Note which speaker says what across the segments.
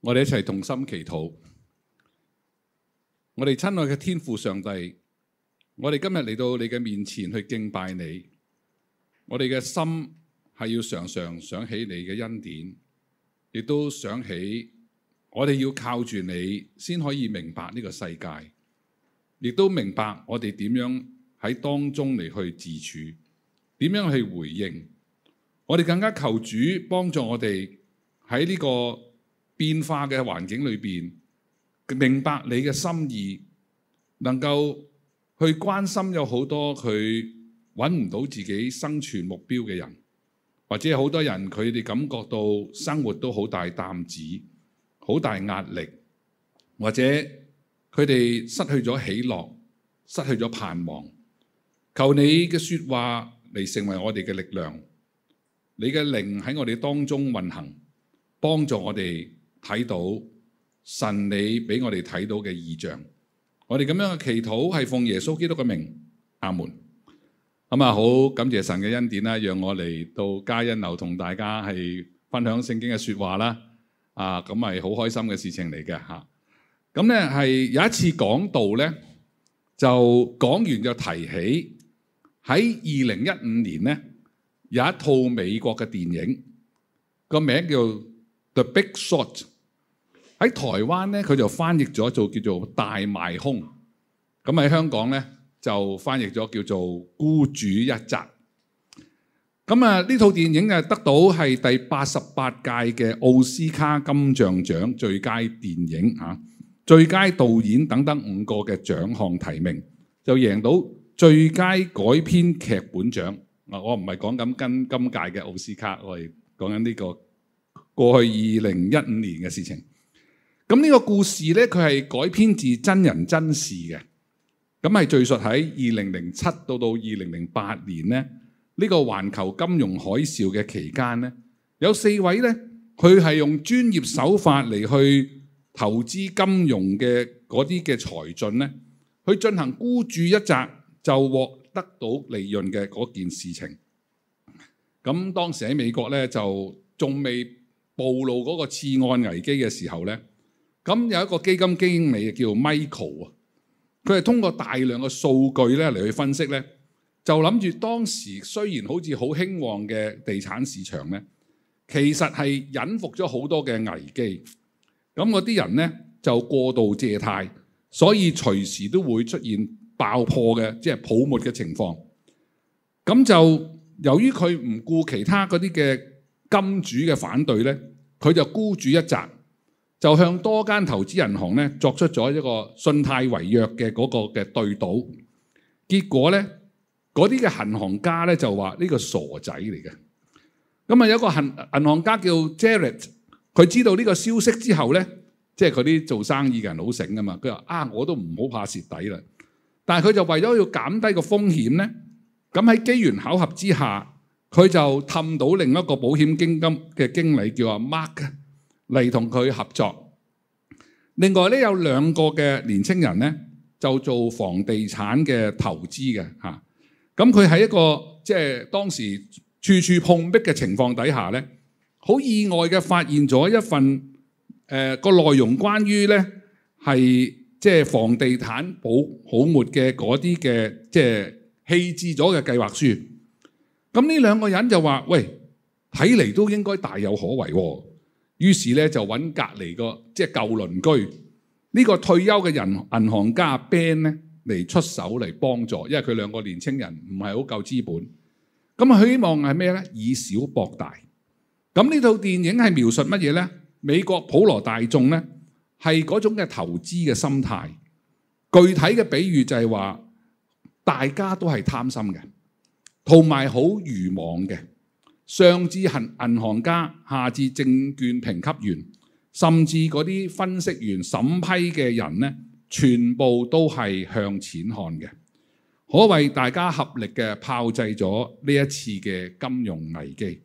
Speaker 1: 我哋一齊同心祈禱。我哋親愛嘅天父上帝，我哋今日嚟到你嘅面前去敬拜你。我哋嘅心係要常常想起你嘅恩典，亦都想起我哋要靠住你先可以明白呢個世界，亦都明白我哋點樣喺當中嚟去自處，點樣去回應。我哋更加求主幫助我哋喺呢個變化嘅環境裏面，明白你嘅心意，能夠去關心有好多佢揾唔到自己生存目標嘅人，或者好多人佢哋感覺到生活都好大擔子，好大壓力，或者佢哋失去咗喜樂，失去咗盼望。求你嘅說話嚟成為我哋嘅力量，你嘅靈喺我哋當中運行，幫助我哋。睇到神你俾我哋睇到嘅異象，我哋咁樣嘅祈禱係奉耶穌基督嘅名，阿門。咁、嗯、啊，好感謝神嘅恩典啦，讓我嚟到加恩樓同大家係分享聖經嘅說話啦。啊，咁，係好開心嘅事情嚟嘅吓。咁咧係有一次講道咧，就講完就提起喺二零一五年咧有一套美國嘅電影，個名叫 The Big Short。喺台灣咧，佢就翻譯咗做叫做大賣空，咁喺香港咧，就翻譯咗叫做沽注一擲咁啊。呢套電影啊，得到係第八十八屆嘅奧斯卡金像獎最佳電影啊、最佳導演等等五個嘅獎項提名，就贏到最佳改編劇本獎啊！我唔係講緊跟今屆嘅奧斯卡，我係講緊呢個過去二零一五年嘅事情。咁呢個故事呢，佢係改編自真人真事嘅。咁係敍述喺二零零七到到二零零八年呢，呢個環球金融海嘯嘅期間呢，有四位呢，佢係用專業手法嚟去投資金融嘅嗰啲嘅財進呢，去進行孤注一擲就獲得到利潤嘅嗰件事情。咁當時喺美國呢，就仲未暴露嗰個次按危機嘅時候呢。咁有一個基金經理叫 Michael 啊，佢係通過大量嘅數據咧嚟去分析咧，就諗住當時雖然好似好興旺嘅地產市場咧，其實係隱伏咗好多嘅危機。咁嗰啲人咧就過度借貸，所以隨時都會出現爆破嘅，即係泡沫嘅情況。咁就由於佢唔顧其他嗰啲嘅金主嘅反對咧，佢就孤注一擲。就向多間投資銀行咧作出咗一個信貸違約嘅嗰個嘅對賭，結果咧嗰啲嘅銀行家咧就話呢個傻仔嚟嘅。咁啊，有個銀銀行家叫 Jarrett，佢知道呢個消息之後咧，即係佢啲做生意嘅人好醒噶嘛，佢話啊，我都唔好怕蝕底啦。但係佢就為咗要減低個風險咧，咁喺機緣巧合之下，佢就氹到另一個保險基金嘅經理叫阿 Mark。嚟同佢合作。另外咧，有兩個嘅年青人咧，就做房地產嘅投資嘅嚇。咁佢喺一個即係、就是、當時處處碰壁嘅情況底下咧，好意外嘅發現咗一份誒個內容關於，關於咧係即係房地產保泡沫嘅嗰啲嘅即係棄置咗嘅計劃書。咁呢兩個人就話，喂，睇嚟都應該大有可為啊。於是咧就揾隔離個即係舊鄰居呢個退休嘅人銀行家 Ben 咧嚟出手嚟幫助，因為佢兩個年青人唔係好夠資本，咁希望係咩咧？以小博大。咁呢套電影係描述乜嘢咧？美國普羅大眾咧係嗰種嘅投資嘅心態。具體嘅比喻就係話，大家都係貪心嘅，同埋好愚妄嘅。上至銀銀行家，下至證券評級員，甚至嗰啲分析員審批嘅人呢，全部都係向前看嘅，可謂大家合力嘅炮製咗呢一次嘅金融危機。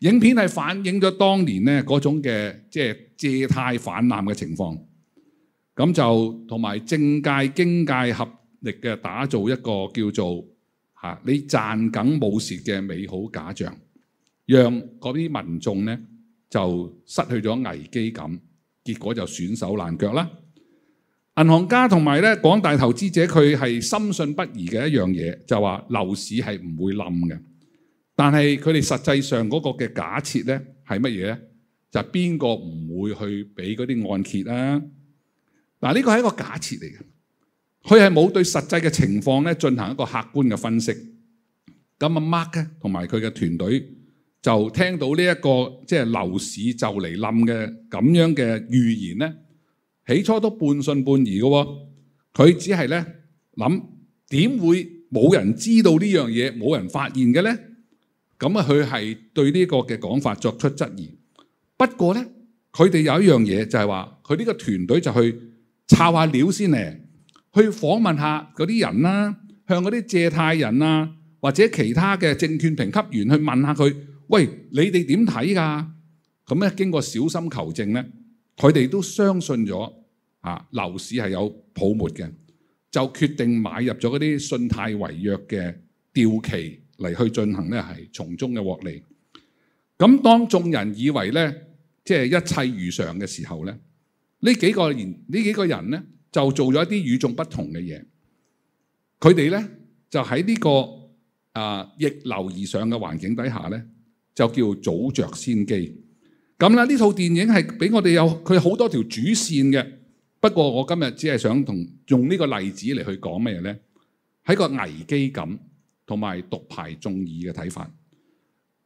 Speaker 1: 影片係反映咗當年呢嗰種嘅即係借貸反濫嘅情況，咁就同埋政界經界合力嘅打造一個叫做。啊！你賺緊冇蝕嘅美好假象，讓嗰啲民眾咧就失去咗危機感，結果就損手爛腳啦。銀行家同埋咧廣大投資者，佢係深信不疑嘅一樣嘢，就話樓市係唔會冧嘅。但係佢哋實際上嗰個嘅假設咧係乜嘢咧？就邊個唔會去俾嗰啲按揭啦？嗱，呢個係一個假設嚟嘅。佢係冇對實際嘅情況咧進行一個客觀嘅分析，咁阿 Mark 咧同埋佢嘅團隊就聽到呢一個即係樓市就嚟冧嘅咁樣嘅預言咧，起初都半信半疑嘅喎。佢只係咧諗點會冇人知道呢樣嘢，冇人發現嘅咧？咁啊，佢係對呢個嘅講法作出質疑。不過咧，佢哋有一樣嘢就係話，佢呢個團隊就去抄下料先咧。去訪問下嗰啲人啦，向嗰啲借貸人啊，或者其他嘅證券評級員去問下佢，喂，你哋點睇㗎？咁咧，經過小心求證咧，佢哋都相信咗，啊，樓市係有泡沫嘅，就決定買入咗嗰啲信貸違約嘅掉期嚟去進行咧，係從中嘅獲利。咁當眾人以為咧，即係一切如常嘅時候咧，呢幾個呢幾個人咧。就做咗一啲與眾不同嘅嘢，佢哋咧就喺呢、這個啊逆流而上嘅環境底下咧，就叫做早着先機。咁啦，呢套電影係俾我哋有佢好多條主線嘅。不過我今日只係想同用呢個例子嚟去講咩咧？係個危機感同埋獨排眾議嘅睇法。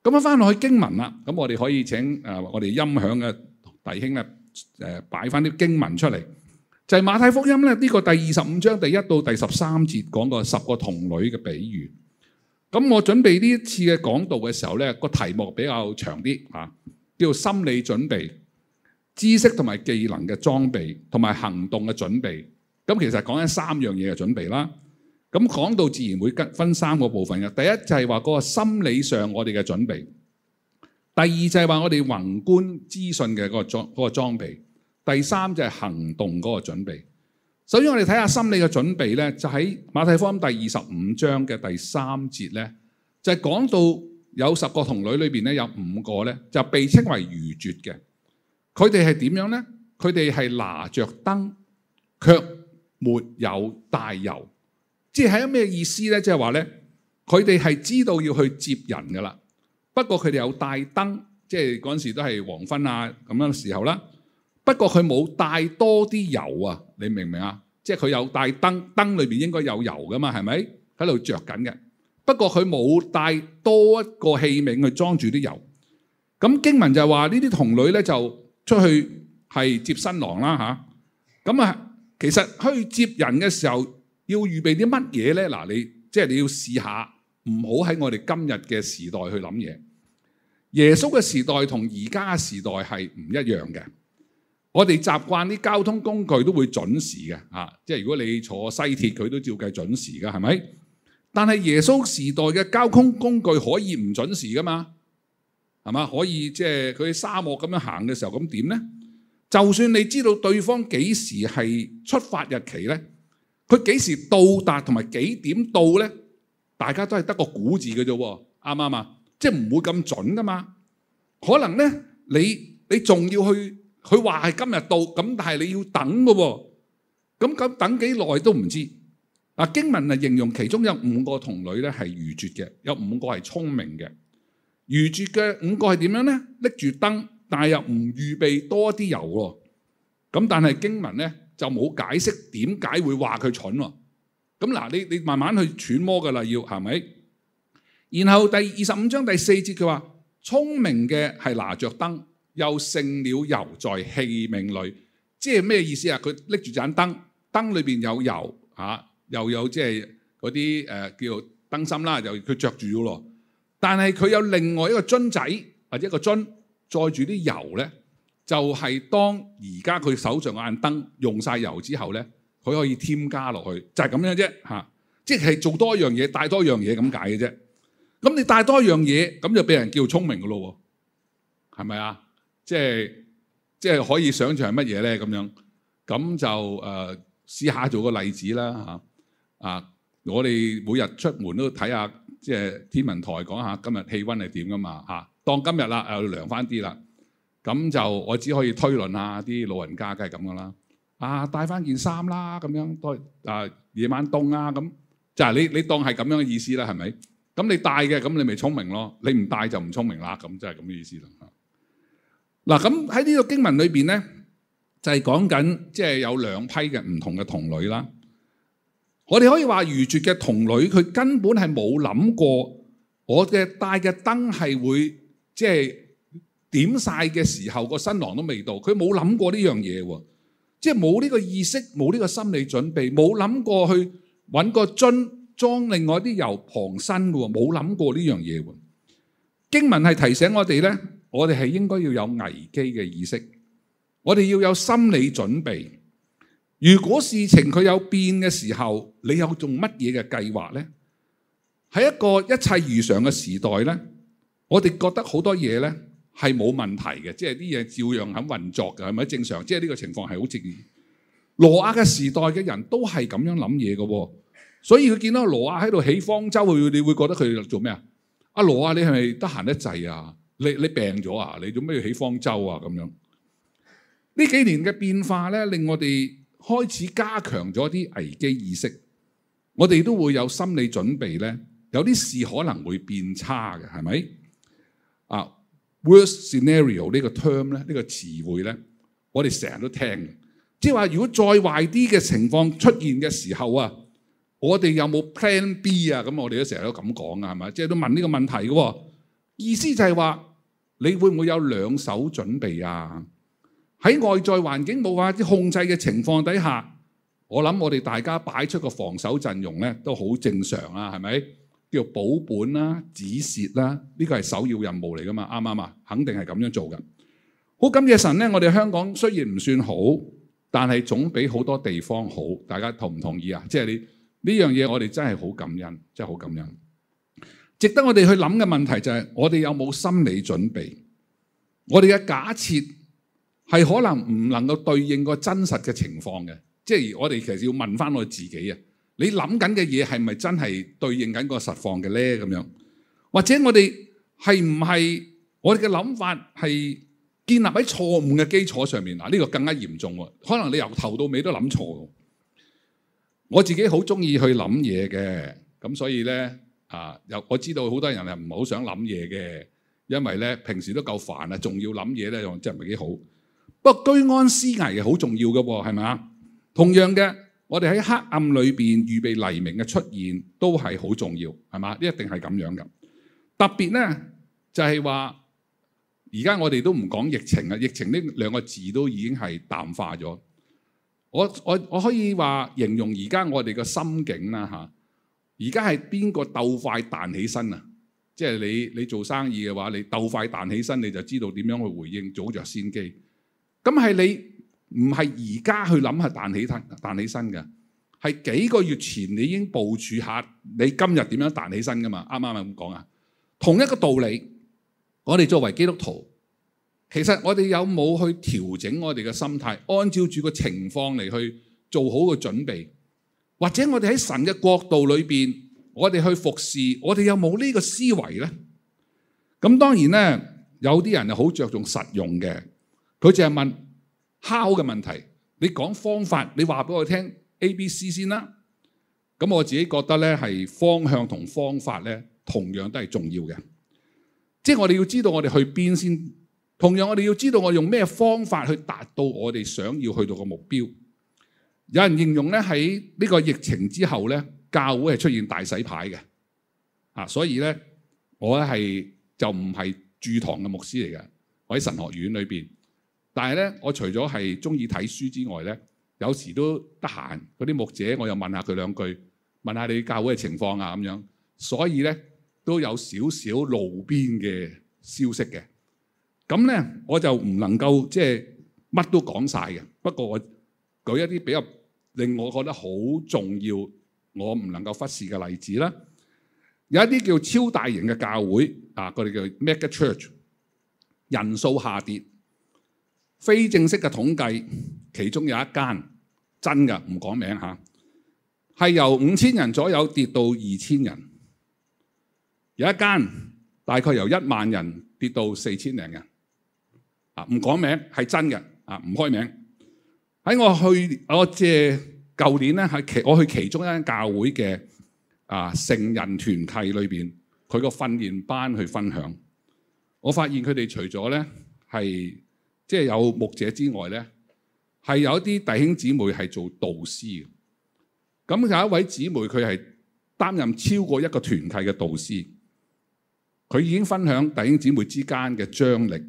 Speaker 1: 咁啊，翻落去經文啦。咁我哋可以請啊我哋音響嘅弟兄咧，誒、啊、擺翻啲經文出嚟。就係、是、馬太福音咧，呢、這個第二十五章第一到第十三節講過十個童女嘅比喻。咁我準備呢一次嘅講道嘅時候，呢個題目比較長啲啊，叫做心理準備、知識同埋技能嘅裝備同埋行動嘅準備。咁其實講緊三樣嘢嘅準備啦。咁講道自然會分三個部分嘅。第一就係話嗰個心理上我哋嘅準備，第二就係話我哋宏觀資訊嘅嗰個裝嗰個裝備。第三就係行動嗰個準備。首先，我哋睇下心理嘅準備咧，就喺馬太福音第二十五章嘅第三節咧，就係講到有十個童女裏邊咧，有五個咧就被稱為愚拙嘅。佢哋係點樣咧？佢哋係拿着燈，卻沒有帶油。即係係咩意思咧？即係話咧，佢哋係知道要去接人噶啦，不過佢哋有帶燈，即係嗰陣時都係黃昏啊咁樣嘅時候啦。不過佢冇帶多啲油啊！你明唔明啊？即係佢有帶燈，燈裏邊應該有油噶嘛？係咪喺度着緊嘅？不過佢冇帶多一個器皿去裝住啲油。咁經文就係話呢啲童女呢，就出去係接新郎啦吓？咁啊，其實去接人嘅時候要預備啲乜嘢呢？嗱，你即係你要試下，唔好喺我哋今日嘅時代去諗嘢。耶穌嘅時代同而家嘅時代係唔一樣嘅。我哋習慣啲交通工具都會準時嘅，嚇、啊，即係如果你坐西鐵，佢都照計準時噶，係咪？但係耶穌時代嘅交通工具可以唔準時噶嘛？係嘛？可以即係佢沙漠咁樣行嘅時候咁點咧？就算你知道對方幾時係出發日期咧，佢幾時到達同埋幾點到咧，大家都係得個估字嘅啫喎，啱唔啱啊？即係唔會咁準噶嘛？可能咧，你你仲要去？佢話係今日到，咁但係你要等嘅喎，咁咁等幾耐都唔知。啊經文啊形容其中有五個童女咧係愚拙嘅，有五個係聰明嘅。愚拙嘅五個係點樣咧？拎住燈，但係又唔預備多啲油喎。咁但係經文咧就冇解釋點解會話佢蠢喎。咁嗱，你你慢慢去揣摩㗎啦，要係咪？然後第二十五章第四節佢話聰明嘅係拿着燈。又盛了油在器皿裏，即係咩意思啊？佢拎住盞燈，燈裏邊有油嚇、啊，又有即係嗰啲誒叫做燈芯啦，又佢着住咗咯。但係佢有另外一個樽仔或者一個樽載住啲油咧，就係、是、當而家佢手上眼燈用晒油之後咧，佢可以添加落去，就係、是、咁樣啫嚇、啊。即係做多一樣嘢，帶多一樣嘢咁解嘅啫。咁你帶多一樣嘢，咁就俾人叫聰明嘅咯喎，係咪啊？即係即係可以想象係乜嘢咧咁樣，咁就誒試、呃、下做個例子啦嚇、啊。啊，我哋每日出門都睇下，即係天文台講下今日氣温係點噶嘛嚇、啊。當今日啦，又涼翻啲啦，咁就我只可以推論下啲老人家梗係咁噶啦。啊，帶翻件衫啦咁樣，都啊夜晚凍啊咁，就係你你當係咁樣嘅意思啦，係咪？咁你帶嘅咁你咪聰明咯，你唔帶就唔聰明啦，咁就係咁嘅意思啦。嗱，咁喺呢個經文裏邊咧，就係講緊即係有兩批嘅唔同嘅童女啦。我哋可以話愚拙嘅童女，佢根本係冇諗過，我嘅帶嘅燈係會即係點曬嘅時候，個新郎都未到，佢冇諗過呢樣嘢喎，即係冇呢個意識，冇呢個心理準備，冇諗過去揾個樽裝另外啲油傍身嘅喎，冇諗過呢樣嘢喎。經文係提醒我哋咧。我哋係應該要有危機嘅意識，我哋要有心理準備。如果事情佢有變嘅時候，你有做乜嘢嘅計劃咧？喺一個一切如常嘅時代咧，我哋覺得好多嘢咧係冇問題嘅，即係啲嘢照樣肯運作嘅，係咪正常？即係呢個情況係好自然。挪亞嘅時代嘅人都係咁樣諗嘢嘅喎，所以佢見到挪亞喺度起方舟，佢你會覺得佢做咩啊？阿挪亞，你係咪得閒得滯啊？你你病咗啊？你做咩要起方舟啊？咁樣呢幾年嘅變化咧，令我哋開始加強咗啲危機意識。我哋都會有心理準備咧，有啲事可能會變差嘅，係咪？啊，worst scenario 呢個 term 咧，呢個詞彙咧，我哋成日都聽。即係話，如果再壞啲嘅情況出現嘅時候啊，我哋有冇 plan B 啊？咁我哋都成日都咁講啊，係咪？即係都問呢個問題嘅喎。意思就係話。你會唔會有兩手準備啊？喺外在環境冇辦法控制嘅情況底下，我諗我哋大家擺出個防守陣容呢都好正常啊，係咪？叫保本啦、止蝕啦，呢個係首要任務嚟噶嘛，啱啱啊？肯定係咁樣做噶。好感謝神呢，我哋香港雖然唔算好，但係總比好多地方好。大家同唔同意啊？即係你呢樣嘢，這個、我哋真係好感恩，真係好感恩。值得我哋去諗嘅問題就係，我哋有冇心理準備？我哋嘅假設係可能唔能夠對應個真實嘅情況嘅，即係我哋其實要問翻我哋自己啊，你諗緊嘅嘢係咪真係對應緊個實況嘅咧？咁樣，或者我哋係唔係我哋嘅諗法係建立喺錯誤嘅基礎上面嗱？呢個更加嚴重，可能你由頭到尾都諗錯。我自己好中意去諗嘢嘅，咁所以呢。啊！又我知道好多人係唔係好想諗嘢嘅，因為咧，平時都夠煩啦，仲要諗嘢咧，又真係唔係幾好。不過居安思危係好重要嘅喎，係咪啊？同樣嘅，我哋喺黑暗裏邊預備黎明嘅出現都係好重要，係嘛？一定係咁樣嘅。特別咧，就係話而家我哋都唔講疫情啊，疫情呢兩個字都已經係淡化咗。我我我可以話形容而家我哋嘅心境啦嚇。啊。而家係邊個鬥快彈起身啊？即係你你做生意嘅話，你鬥快彈起身，你就知道點樣去回應，早着先機。咁係你唔係而家去諗係彈起彈起身嘅，係幾個月前你已經部署一下，你今日點樣彈起身噶嘛？啱啱係咁講啊，同一個道理，我哋作為基督徒，其實我哋有冇去調整我哋嘅心態，按照住個情況嚟去做好個準備？或者我哋喺神嘅角度裏面，我哋去服侍，我哋有冇呢個思維呢？咁當然呢，有啲人係好着重實用嘅，佢淨係問 How 嘅問題。你講方法，你話俾我聽 A、B、C 先啦。咁我自己覺得呢係方向同方法呢同樣都係重要嘅。即係我哋要知道我哋去邊先，同樣我哋要知道我用咩方法去達到我哋想要去到嘅目標。有人形容咧喺呢個疫情之後咧，教會係出現大洗牌嘅，啊，所以咧我咧係就唔係駐堂嘅牧師嚟嘅，我喺神學院裏面。但係咧我除咗係鍾意睇書之外咧，有時都得閒，嗰啲牧者我又問下佢兩句，問下你教會嘅情況啊咁樣，所以咧都有少少路邊嘅消息嘅，咁咧我就唔能夠即係乜都講晒嘅，不過我舉一啲比較。令我覺得好重要，我唔能夠忽視嘅例子啦。有一啲叫超大型嘅教會啊，佢哋叫 Megachurch，人數下跌，非正式嘅統計，其中有一間真嘅唔講名吓係由五千人左右跌到二千人。有一間大概由一萬人跌到四千零人，啊唔講名係真嘅，啊唔開名。喺我去我借舊年咧，喺其我去其中一間教會嘅啊成人團契裏面，佢個訓練班去分享，我發現佢哋除咗咧係即係有牧者之外咧，係有一啲弟兄姊妹係做導師嘅。咁有一位姊妹佢係擔任超過一個團契嘅導師，佢已經分享弟兄姊妹之間嘅張力，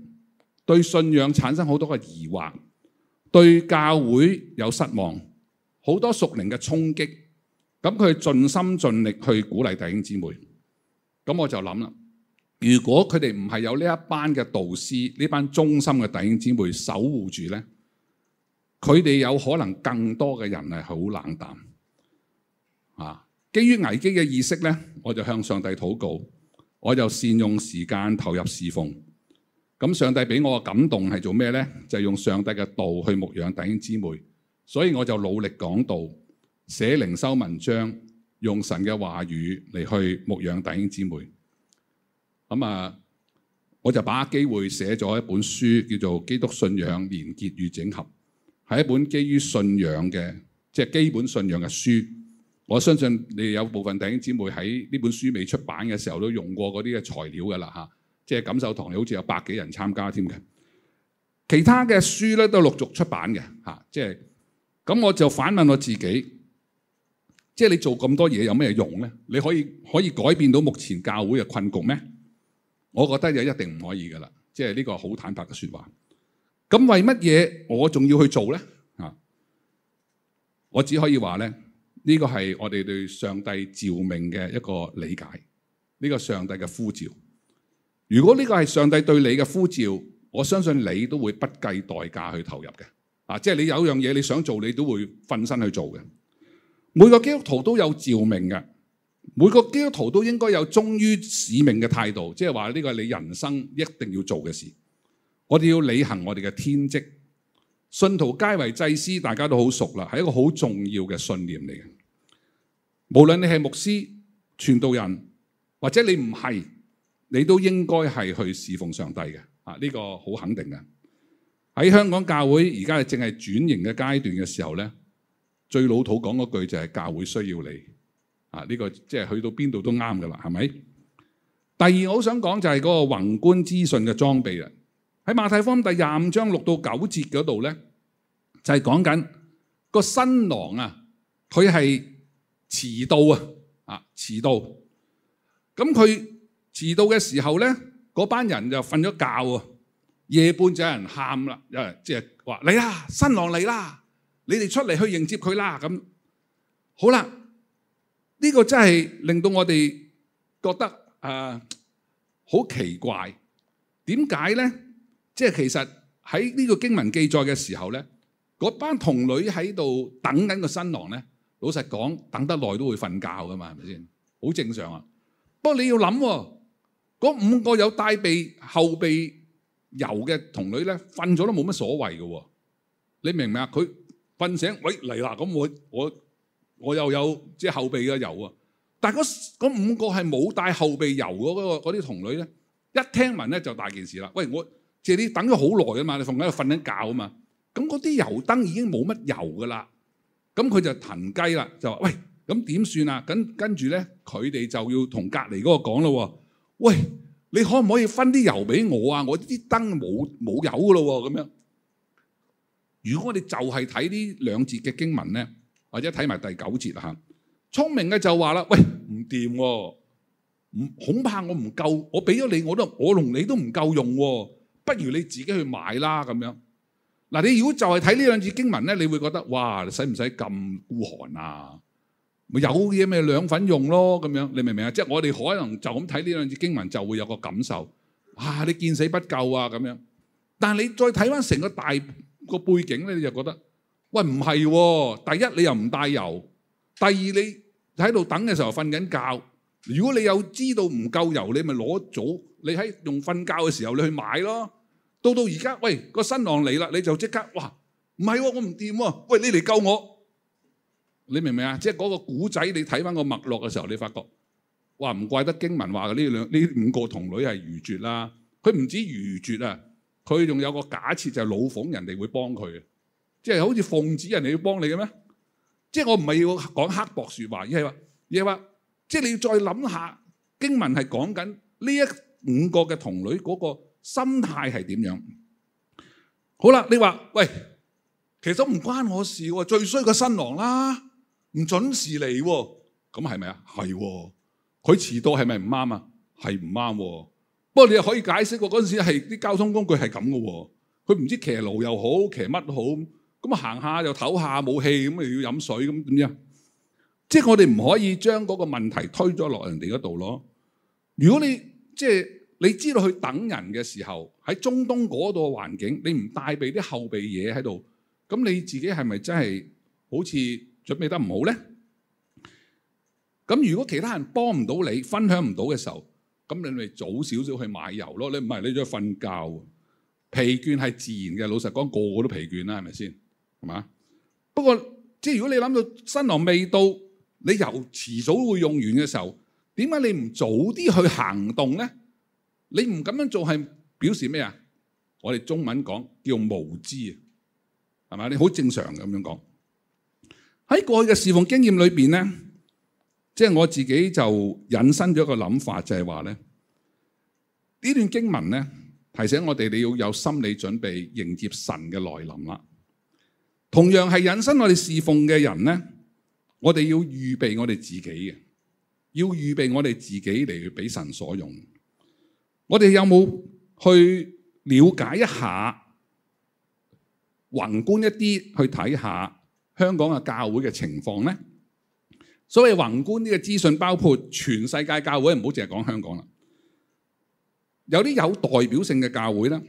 Speaker 1: 對信仰產生好多嘅疑惑。對教會有失望，好多屬靈嘅衝擊，咁佢盡心盡力去鼓勵弟兄姊妹，咁我就諗啦，如果佢哋唔係有呢一班嘅導師，呢班忠心嘅弟兄姊妹守護住呢，佢哋有可能更多嘅人係好冷淡，啊，基於危機嘅意識呢，我就向上帝禱告，我就善用時間投入侍奉。咁上帝俾我嘅感動係做咩呢？就係、是、用上帝嘅道去牧養弟兄姊妹，所以我就努力講道、寫靈修文章，用神嘅話語嚟去牧養弟兄姊妹。咁、嗯、啊，我就把握機會寫咗一本書，叫做《基督信仰連結與整合》，係一本基於信仰嘅，即係基本信仰嘅書。我相信你哋有部分弟兄姊妹喺呢本書未出版嘅時候都用過嗰啲嘅材料㗎啦嚇即係感受堂，好似有百幾人參加添嘅。其他嘅書咧都陸續出版嘅，吓。即係咁，我就反問我自己，即係你做咁多嘢有咩用咧？你可以可以改變到目前教會嘅困局咩？我覺得就一定唔可以噶啦。即係呢個好坦白嘅說話。咁為乜嘢我仲要去做咧？我只可以話咧，呢個係我哋對上帝召命嘅一個理解，呢個上帝嘅呼召。如果呢個係上帝對你嘅呼召，我相信你都會不計代價去投入嘅。啊，即係你有樣嘢你想做，你都會瞓身去做嘅。每個基督徒都有召命嘅，每個基督徒都應該有忠於使命嘅態度。即係話呢個係你人生一定要做嘅事。我哋要履行我哋嘅天職。信徒皆為祭司，大家都好熟啦，係一個好重要嘅信念嚟嘅。無論你係牧師、傳道人，或者你唔係。你都應該係去侍奉上帝嘅，啊呢個好肯定嘅。喺香港教會而家正係轉型嘅階段嘅時候咧，最老土講嗰句就係教會需要你，啊呢個即係去到邊度都啱噶啦，係咪？第二我好想講就係嗰個宏觀資訊嘅裝備啊！喺馬太福音第廿五章六到九節嗰度咧，就係講緊個新郎啊，佢係遲到啊，啊遲到，咁佢。遲到嘅時候咧，嗰班人就瞓咗覺喎。夜半就有人喊啦，有人即係話嚟啦，新郎嚟啦，你哋出嚟去迎接佢啦咁。好啦，呢、這個真係令到我哋覺得啊好、呃、奇怪，點解咧？即係其實喺呢個經文記載嘅時候咧，嗰班童女喺度等緊個新郎咧。老實講，等得耐都會瞓覺噶嘛，係咪先？好正常啊。不過你要諗喎。嗰五個有帶備後備油嘅童女咧，瞓咗都冇乜所謂嘅喎，你明唔明啊？佢瞓醒，喂嚟啦！咁我我我又有即係後備嘅油啊！但係嗰五個係冇帶後備油嗰啲、那個、童女咧，一聽聞咧就大件事啦！喂，我借啲等咗好耐啊嘛，你瞓喺度瞓緊覺啊嘛，咁嗰啲油燈已經冇乜油嘅啦，咁佢就騰雞啦，就話喂，咁點算啊？咁跟住咧，佢哋就要同隔離嗰個講咯。喂，你可唔可以分啲油俾我啊？我啲燈冇冇油噶咯。咁樣，如果你就係睇呢兩節嘅經文咧，或者睇埋第九節啊吓，聰明嘅就話啦，喂，唔掂喎，唔恐怕我唔夠，我俾咗你我都我同你都唔夠用喎，不如你自己去買啦咁樣。嗱，你如果就係睇呢兩節經文咧，你會覺得哇，使唔使咁孤寒啊？咪有嘢咪兩份用咯，咁樣你明唔明啊？即係我哋可能就咁睇呢兩節經文就會有個感受，哇！你見死不救啊咁樣。但係你再睇翻成個大個背景咧，你就覺得喂，唔係喎。第一你又唔帶油，第二你喺度等嘅時候瞓緊覺。如果你有知道唔夠油，你咪攞早，你喺用瞓覺嘅時候你去買咯。到到而家喂，個新郎嚟啦，你就即刻哇！唔係我唔掂喎，喂，你嚟救我。你明唔明啊？即係嗰個古仔，你睇翻個脈絡嘅時候，你發覺話唔怪得經文話嘅呢兩呢五個童女係愚拙啦。佢唔止愚拙啊，佢仲、啊、有個假設就係老奉人哋會幫佢嘅，即、就、係、是、好似奉旨人哋、就是、要幫你嘅咩？即係我唔係要講刻薄説話，而係話，而係話，即係你要再諗下經文係講緊呢一五個嘅童女嗰個心態係點樣？好啦，你話喂，其實唔關我事喎、啊，最衰個新郎啦。唔準時嚟喎、哦，咁係咪啊？係喎、哦，佢遲到係咪唔啱啊？係唔啱喎。不過你又可以解釋喎，嗰陣時係啲交通工具係咁嘅喎，佢唔知騎路又好，騎乜都好，咁啊行下又唞下冇氣，咁又要飲水咁點樣？即係、就是、我哋唔可以將嗰個問題推咗落人哋嗰度咯。如果你即係、就是、你知道佢等人嘅時候，喺中東嗰度嘅環境，你唔帶備啲後備嘢喺度，咁你自己係咪真係好似？準備得唔好咧？咁如果其他人幫唔到你，分享唔到嘅時候，咁你咪早少少去買油咯。你唔係你喺度瞓覺，疲倦係自然嘅。老實講，個個都疲倦啦，係咪先？係嘛？不過即係如果你諗到新郎未到，你油遲早會用完嘅時候，點解你唔早啲去行動咧？你唔咁樣做係表示咩啊？我哋中文講叫無知啊，係嘛？你好正常咁樣講。喺過去嘅侍奉經驗裏邊呢，即係我自己就引申咗個諗法，就係話呢，呢段經文呢，提醒我哋，你要有心理準備迎接神嘅來臨啦。同樣係引申我哋侍奉嘅人呢，我哋要預備我哋自己嘅，要預備我哋自己嚟俾神所用。我哋有冇去了解一下，宏觀一啲去睇下？香港嘅教會嘅情況咧，所謂宏觀呢個資訊，包括全世界教會唔好淨係講香港啦，有啲有代表性嘅教會啦，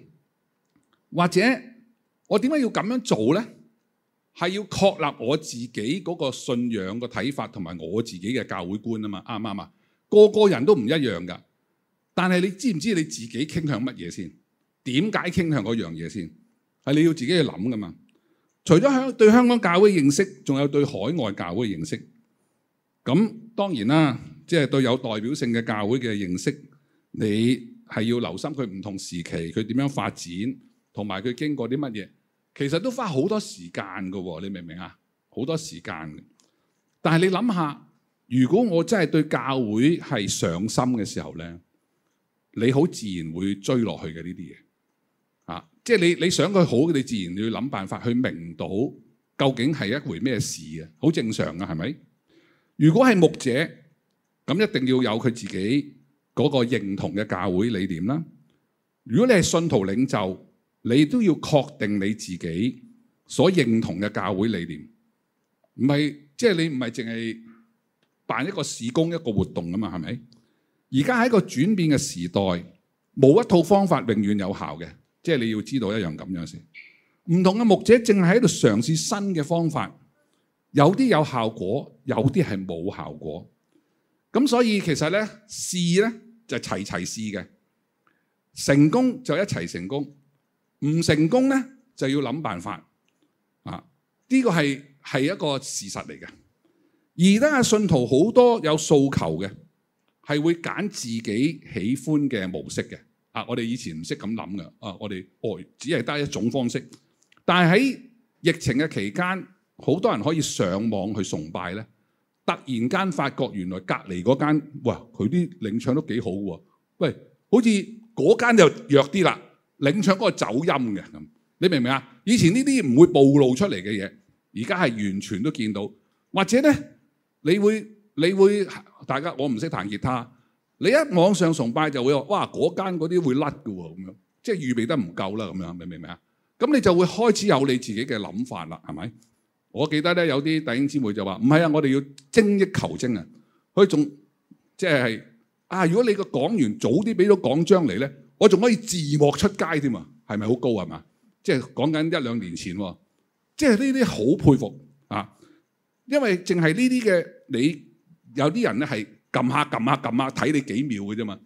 Speaker 1: 或者我點解要咁樣做咧？係要確立我自己嗰個信仰嘅睇法同埋我自己嘅教會觀啊嘛，啱唔啱啊？個個人都唔一樣噶，但係你知唔知你自己傾向乜嘢先？點解傾向嗰樣嘢先？係你要自己去諗噶嘛？除咗香對香港教會認識，仲有對海外教會認識。咁當然啦，即係對有代表性嘅教會嘅認識，你係要留心佢唔同時期佢點樣發展，同埋佢經過啲乜嘢，其實都花好多時間噶。你明唔明啊？好多時間的。但係你諗下，如果我真係對教會係上心嘅時候呢，你好自然會追落去嘅呢啲嘢。即係你你想佢好，你自然要諗辦法去明到究竟係一回咩事啊？好正常啊，係咪？如果係牧者咁，那一定要有佢自己嗰個認同嘅教會理念啦。如果你係信徒領袖，你都要確定你自己所認同嘅教會理念，唔係即係你唔係淨係辦一個事工一個活動吖嘛，係咪？而家喺一個轉變嘅時代，冇一套方法永遠有效嘅。即係你要知道一樣咁樣先，唔同嘅牧者淨係喺度嘗試新嘅方法，有啲有效果，有啲係冇效果。咁所以其實咧試咧就齊齊試嘅，成功就一齊成功，唔成功咧就要諗辦法。啊，呢、這個係係一個事實嚟嘅。而咧，信徒好多有訴求嘅，係會揀自己喜歡嘅模式嘅。啊！我哋以前唔識咁諗嘅，啊！我哋外、哦、只係得一種方式，但係喺疫情嘅期間，好多人可以上網去崇拜咧。突然間發覺原來隔籬嗰間，哇！佢啲領唱都幾好喎。喂，好似嗰間就弱啲啦，領唱嗰個走音嘅咁。你明唔明啊？以前呢啲唔會暴露出嚟嘅嘢，而家係完全都見到。或者咧，你會你會大家我唔識彈吉他。你一網上崇拜就會話，哇！嗰間嗰啲會甩嘅喎，咁樣即係預備得唔夠啦，咁樣明唔明啊？咁你就會開始有你自己嘅諗法啦，係咪？我記得咧，有啲弟兄姊妹就話：唔係啊，我哋要精益求精啊！佢仲即係啊，如果你個講員早啲俾咗講章嚟咧，我仲可以字幕出街添啊！係咪好高啊？嘛，即係講緊一兩年前喎，即係呢啲好佩服啊！因為淨係呢啲嘅，你有啲人咧係。撳下撳下撳下，睇你幾秒嘅啫嘛，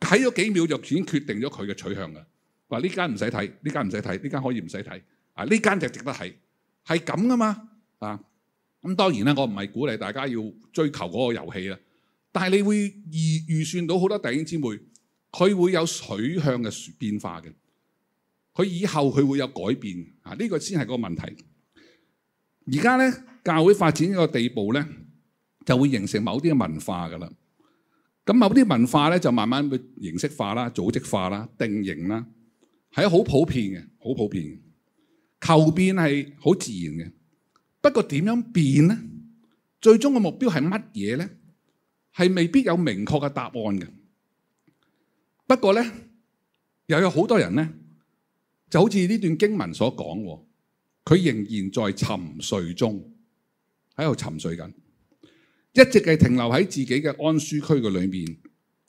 Speaker 1: 睇咗幾秒就已經決定咗佢嘅取向嘅。話呢間唔使睇，呢間唔使睇，呢間可以唔使睇。啊，呢間就值得睇，係咁噶嘛。啊，咁當然咧，我唔係鼓勵大家要追求嗰個遊戲啦。但係你會預預算到好多弟兄姊妹，佢會有取向嘅變化嘅。佢以後佢會有改變啊！呢個先係個問題。而家咧，教會發展呢個地步咧。就會形成某啲嘅文化㗎喇，咁某啲文化咧就慢慢去形式化啦、組織化啦、定型啦，係好普遍嘅，好普遍。求變係好自然嘅，不過點樣變咧？最終嘅目標係乜嘢咧？係未必有明確嘅答案嘅。不過咧，又有好多人咧，就好似呢段經文所講，佢仍然在沉睡中，喺度沉睡緊。一直係停留喺自己嘅安舒區嘅裏面，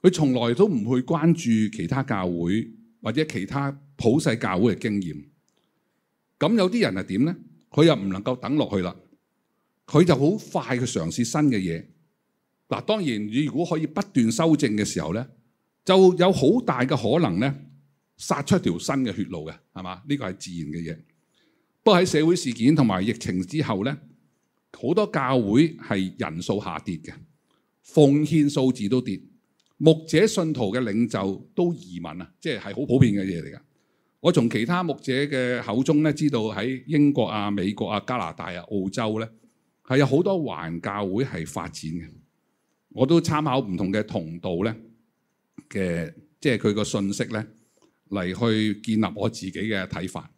Speaker 1: 佢從來都唔去關注其他教會或者其他普世教會嘅經驗。咁有啲人係點呢？佢又唔能夠等落去啦，佢就好快去嘗試新嘅嘢。嗱，當然如果可以不斷修正嘅時候呢，就有好大嘅可能呢，殺出條新嘅血路嘅，係嘛？呢個係自然嘅嘢。不過喺社會事件同埋疫情之後呢。好多教會係人數下跌嘅，奉獻數字都跌，牧者信徒嘅領袖都移民啊，即係係好普遍嘅嘢嚟㗎。我從其他牧者嘅口中咧知道喺英國啊、美國啊、加拿大啊、澳洲咧係有好多環教會係發展嘅。我都參考唔同嘅同道咧嘅，即係佢個信息咧嚟去建立我自己嘅睇法。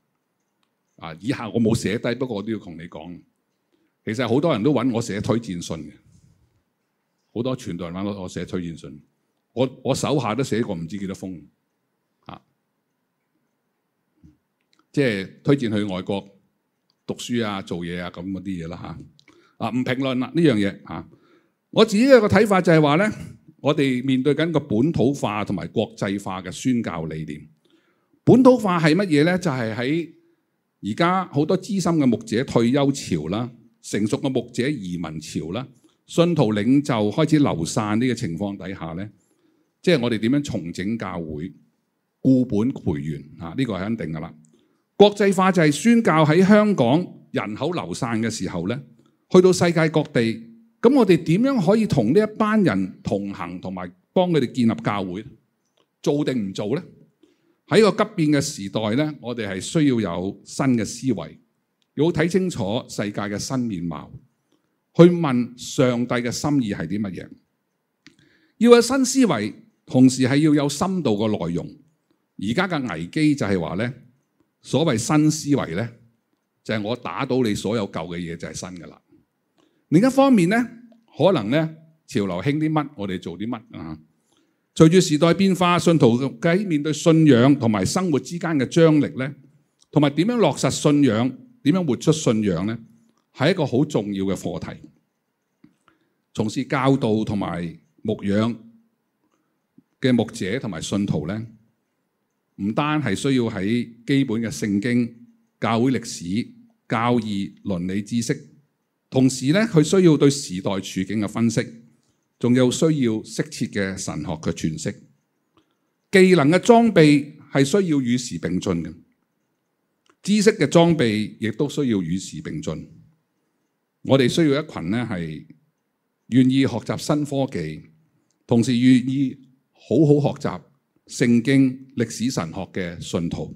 Speaker 1: 啊，以下我冇寫低，不過我都要同你講。其實好多人都揾我寫推薦信嘅，好多傳道人揾我我寫推薦信，我我手下都寫過唔知幾多封，啊，即係推薦去外國讀書啊、做嘢啊咁嗰啲嘢啦吓，啊唔評論啦呢樣嘢吓，啊，我自己有個睇法就係話咧，我哋面對緊個本土化同埋國際化嘅宣教理念，本土化係乜嘢咧？就係喺而家好多資深嘅牧者退休潮啦。成熟嘅牧者移民潮啦，信徒領袖開始流散，呢個情況底下呢，即係我哋點樣重整教會、固本培元啊？呢個係肯定噶啦。國際化就係宣教喺香港人口流散嘅時候呢，去到世界各地，咁我哋點樣可以同呢一班人同行同埋幫佢哋建立教會？做定唔做呢？喺個急變嘅時代呢，我哋係需要有新嘅思維。要睇清楚世界嘅新面貌，去問上帝嘅心意係啲乜嘢？要有新思維，同時係要有深度嘅內容。而家嘅危機就係話咧，所謂新思維咧，就係我打倒你所有舊嘅嘢就係新噶啦。另一方面咧，可能咧潮流興啲乜，我哋做啲乜啊？隨住時代變化，信徒繼面對信仰同埋生活之間嘅張力咧，同埋點樣落實信仰？點樣活出信仰呢，係一個好重要嘅課題。從事教導同埋牧養嘅牧者同埋信徒呢唔單係需要喺基本嘅聖經、教會歷史、教義、倫理知識，同時呢，佢需要對時代處境嘅分析，仲有需要適切嘅神學嘅詮釋。技能嘅裝備係需要與時並進嘅。知識嘅裝備亦都需要與時並進。我哋需要一群咧係願意學習新科技，同時願意好好學習聖經、歷史、神學嘅信徒，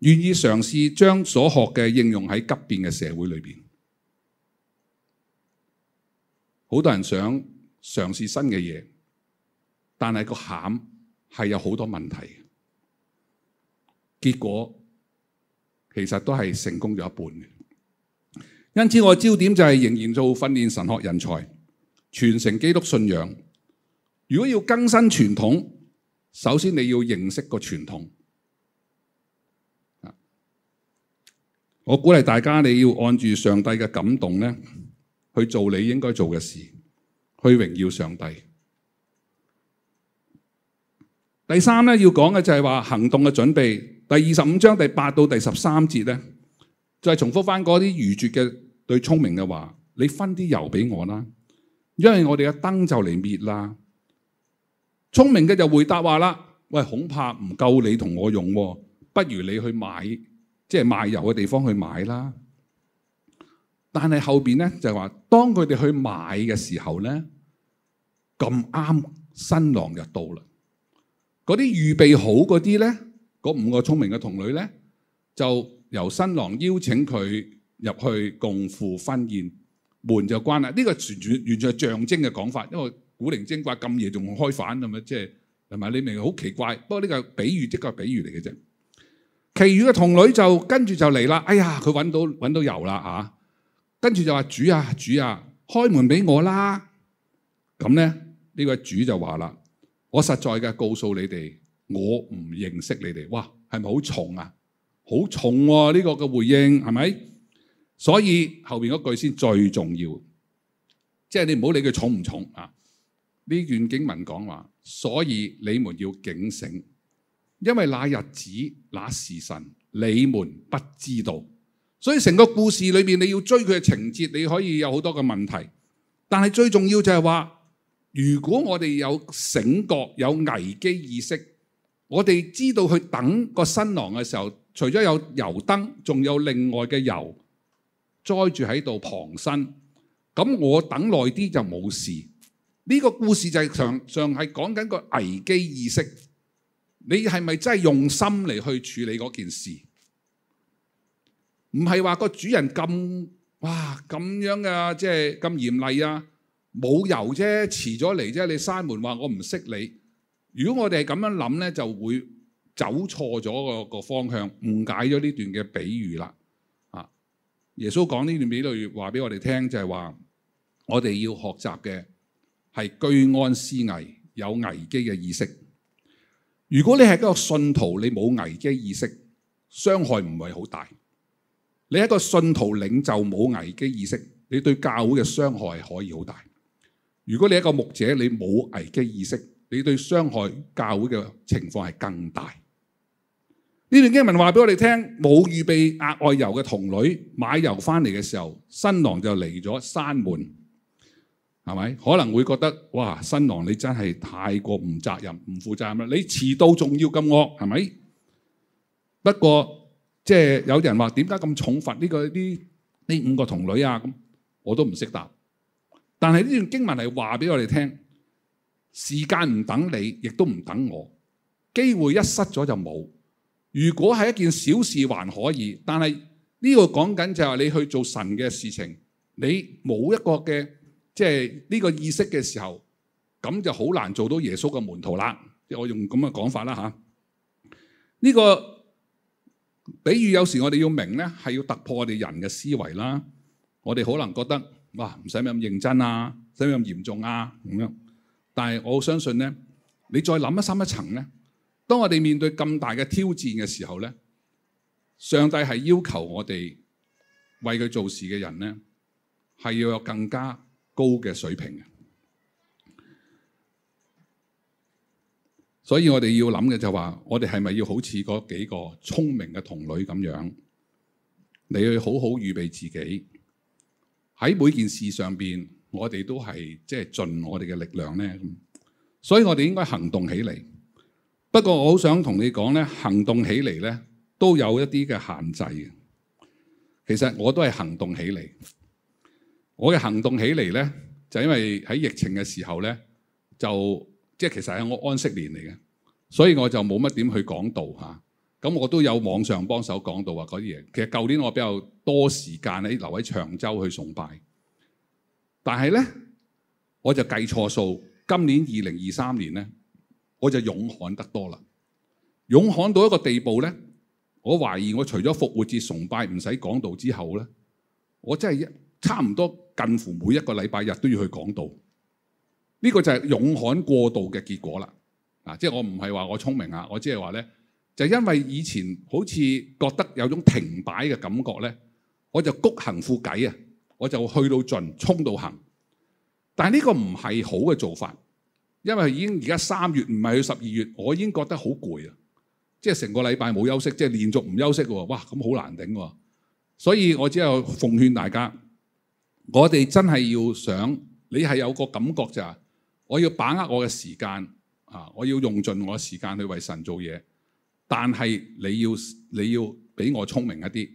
Speaker 1: 願意嘗試將所學嘅應用喺急變嘅社會裏面。好多人想嘗試新嘅嘢，但係個餡係有好多問題，結果。其實都係成功咗一半嘅，因此我的焦點就係仍然做訓練神學人才，傳承基督信仰。如果要更新傳統，首先你要認識個傳統。我鼓勵大家，你要按住上帝嘅感動咧，去做你應該做嘅事，去榮耀上帝。第三咧，要講嘅就係話行動嘅準備。第二十五章第八到第十三節咧，係，就係，重複翻嗰啲愚拙嘅，對聰明嘅話，你分啲油俾我啦，因為我哋嘅燈就嚟滅啦。聰明嘅就回答話啦，喂，恐怕唔夠你同我用，啊，不如你去買，即係賣油嘅地方去買啦。但係後邊咧就係話，當佢哋去買嘅時候咧，咁啱新郎就到啦，嗰啲預備好嗰啲咧。嗰五個聰明嘅童女咧，就由新郎邀請佢入去共赴婚宴，門就關啦。呢個完全完全係象徵嘅講法，因為古靈精怪咁夜仲開反咁啊，即係係咪？你明好奇怪。不過呢個比喻即係比喻嚟嘅啫。其餘嘅童女就跟住就嚟啦。哎呀，佢揾到揾到油啦吓，跟住就話主啊主啊，開門俾我啦。咁咧呢個主就話啦，我實在嘅告訴你哋。我唔認識你哋，哇，係咪好重啊？好重喎，呢個嘅回應係咪？所以後邊嗰句先最重要，即係你唔好理佢重唔重啊！呢段經文講話，所以你們要警醒，因為那日子、那時辰你們不知道。所以成個故事裏面，你要追佢嘅情節，你可以有好多嘅問題，但係最重要就係話，如果我哋有醒覺、有危機意識。我哋知道去等個新郎嘅時候，除咗有油燈，仲有另外嘅油栽住喺度旁身。咁我等耐啲就冇事。呢、呢個故事就係常常係講緊個危機意識。你係咪真係用心嚟去處理嗰件事？唔係話個主人咁哇咁樣啊，即係咁嚴厲啊，冇油啫，遲咗嚟啫，你閂門話我唔識你。如果我哋係咁樣諗呢，就會走錯咗個方向，誤解咗呢段嘅比喻啦。啊，耶穌講呢段比喻話俾我哋聽，就係、是、話我哋要學習嘅係居安思危，有危機嘅意識。如果你係一個信徒，你冇危機意識，傷害唔係好大。你一個信徒領袖冇危機意識，你對教會嘅傷害可以好大。如果你係一個牧者，你冇危機意識，你對傷害教會嘅情況係更大。呢段經文話俾我哋聽，冇預備額外油嘅童女買油翻嚟嘅時候，新郎就嚟咗閂門，係咪？可能會覺得，哇！新郎你真係太過唔責任、唔負責任啦！你遲到仲要咁惡，係咪？不過，即係有人話點解咁重罰呢個啲呢五個童女啊？咁我都唔識答。但係呢段經文係話俾我哋聽。時間唔等你，亦都唔等我。機會一失咗就冇。如果係一件小事，還可以。但係呢個講緊就係你去做神嘅事情，你冇一個嘅即係呢個意識嘅時候，咁就好難做到耶穌嘅門徒啦。我用咁嘅講法啦吓。呢個比喻有時我哋要明咧，係要突破我哋人嘅思維啦。我哋可能覺得哇，唔使咁認真啊，使咁嚴重啊，咁樣。但係我相信咧，你再諗一深一層咧，當我哋面對咁大嘅挑戰嘅時候咧，上帝係要求我哋為佢做事嘅人咧，係要有更加高嘅水平嘅。所以我哋要諗嘅就話，我哋係咪要好似嗰幾個聰明嘅童女咁樣，你去好好預備自己，喺每件事上面。我哋都係即係盡我哋嘅力量咧，所以我哋應該行動起嚟。不過我好想同你講咧，行動起嚟咧都有一啲嘅限制嘅。其實我都係行動起嚟，我嘅行動起嚟咧就因為喺疫情嘅時候咧，就即係其實係我安息年嚟嘅，所以我就冇乜點去講道嚇。咁我都有網上幫手講道啊，嗰啲嘢。其實舊年我比較多時間咧留喺長洲去崇拜。但係咧，我就計錯數。今年二零二三年咧，我就勇悍得多啦。勇悍到一個地步咧，我懷疑我除咗復活節崇拜唔使講道之後咧，我真係差唔多近乎每一個禮拜日都要去講道。呢個就係勇悍過度嘅結果啦。啊，即係我唔係話我聰明啊，我即係話咧，就因為以前好似覺得有一種停擺嘅感覺咧，我就谷行富偈啊。我就去到盡，衝到行，但係呢個唔係好嘅做法，因為已經而家三月唔係去十二月，我已經覺得好攰啊！即係成個禮拜冇休息，即係連續唔休息喎，哇咁好難頂喎！所以我只有奉勸大家，我哋真係要想，你係有個感覺就係，我要把握我嘅時間啊，我要用盡我嘅時間去為神做嘢，但係你要你要俾我聰明一啲，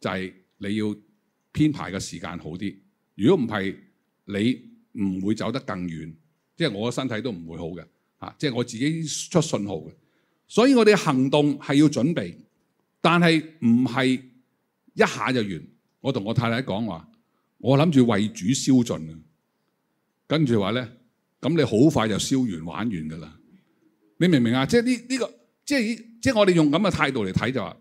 Speaker 1: 就係你要。你要比我聰明一編排嘅時間好啲，如果唔係，你唔會走得更遠，即係我嘅身體都唔會好嘅，啊，即係我自己出信號嘅，所以我哋行動係要準備，但係唔係一下就完。我同我太太講話，我諗住為主燒盡，跟住話咧，咁你好快就燒完玩完㗎啦。你明唔明啊？即係呢呢個，即係即係我哋用咁嘅態度嚟睇就話。